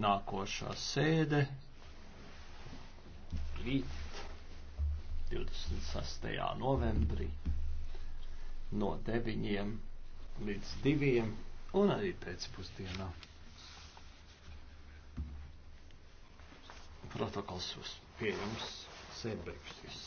Nākošā sēde rīt 26. novembrī no 9 līdz 2 un arī pēcpusdienā. Protokols uz pieejams sēdbeigas.